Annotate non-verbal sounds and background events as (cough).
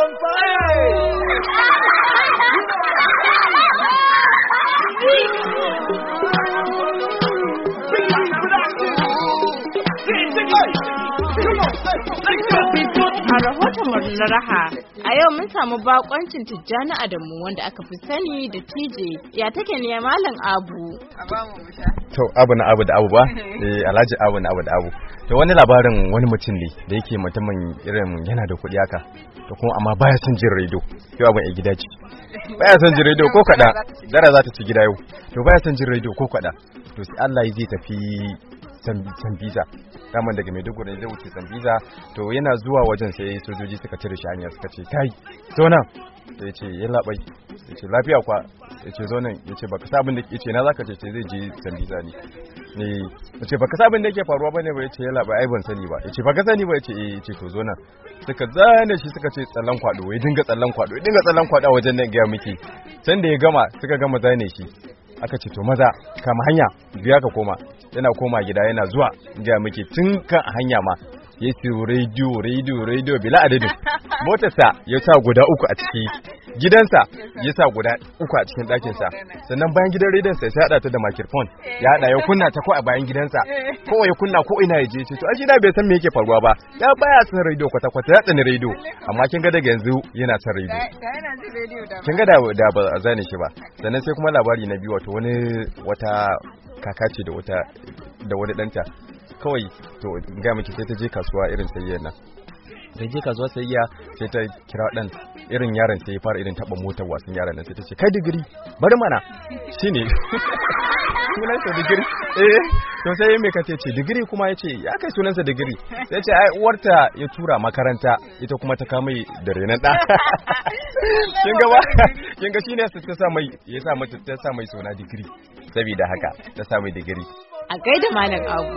on A rahoton raha a yau mun samu bakoncin Tijjani Adamu wanda aka fi sani da TJ ya take ne malam Abu. To Abu na Abu da Abu ba? Eh Alhaji Abu na Abu da Abu. To wani labarin wani mutum ne da yake mutumin irin yana da kuɗi haka to kuma amma baya son jin radio yau abin a gida ce baya son jin radio ko kada dara za ta ci gida yau to baya son jin radio ko kada to sai Allah zai tafi visa daman daga mai Maiduguri zai wuce visa to yana zuwa wajen sai sojoji suka cire shi hanya suka ce kai to nan sai ya ce ya labai ya ce lafiya kwa ya ce zo nan ya ce baka sa abin da ya ce na zaka ce sai zai je san visa ne Eh. ya ce baka san da yake faruwa bane ba ce yala ba ai ban sani ba ce baka sani ba ce eh ce to zo nan suka zane shi suka ce tsallan kwado ya dinga tsallan kwado ya dinga tsallan kwado a wajen nan ga miki san da ya gama suka gama zane shi aka ce to maza kama hanya biya ka koma yana koma gida yana zuwa ga miki tun kan hanya ma ya ce rediyo rediyo rediyo bila adadin (laughs) motarsa ya sa guda uku a ciki gidansa ya sa guda uku a cikin ɗakinsa sannan bayan gidan redonsa ya haɗa ta da makirfon ya haɗa ya kunna ta ko a bayan gidansa ko ya kunna ko ina ya je ce to a gida bai san me yake faruwa ba ya baya son radio kwata kwata ya tsani radio amma kin ga daga yanzu yana son radio kin ga da ba zane shi ba sannan sai kuma labari na biyu wato wani wata kaka ce da wata da wani danta kawai to ga miki sai ta je kasuwa irin sayyana ta je kasuwa sayayya sai ta kira dan irin yaron sai ya fara irin taba motar wasan yaron nan sai ta ce kai digiri bari mana shine (laughs) sunansa digiri eh to sai me kace ce digiri kuma yace ya kai sunansa digiri sai ce ai uwarta ya tura makaranta ita kuma ta kama da renan da (laughs) kin ga ba kin ga shine ta sa mai ya sa mata ta sa mai suna digiri saboda haka ta sa mai digiri a gaida malam abu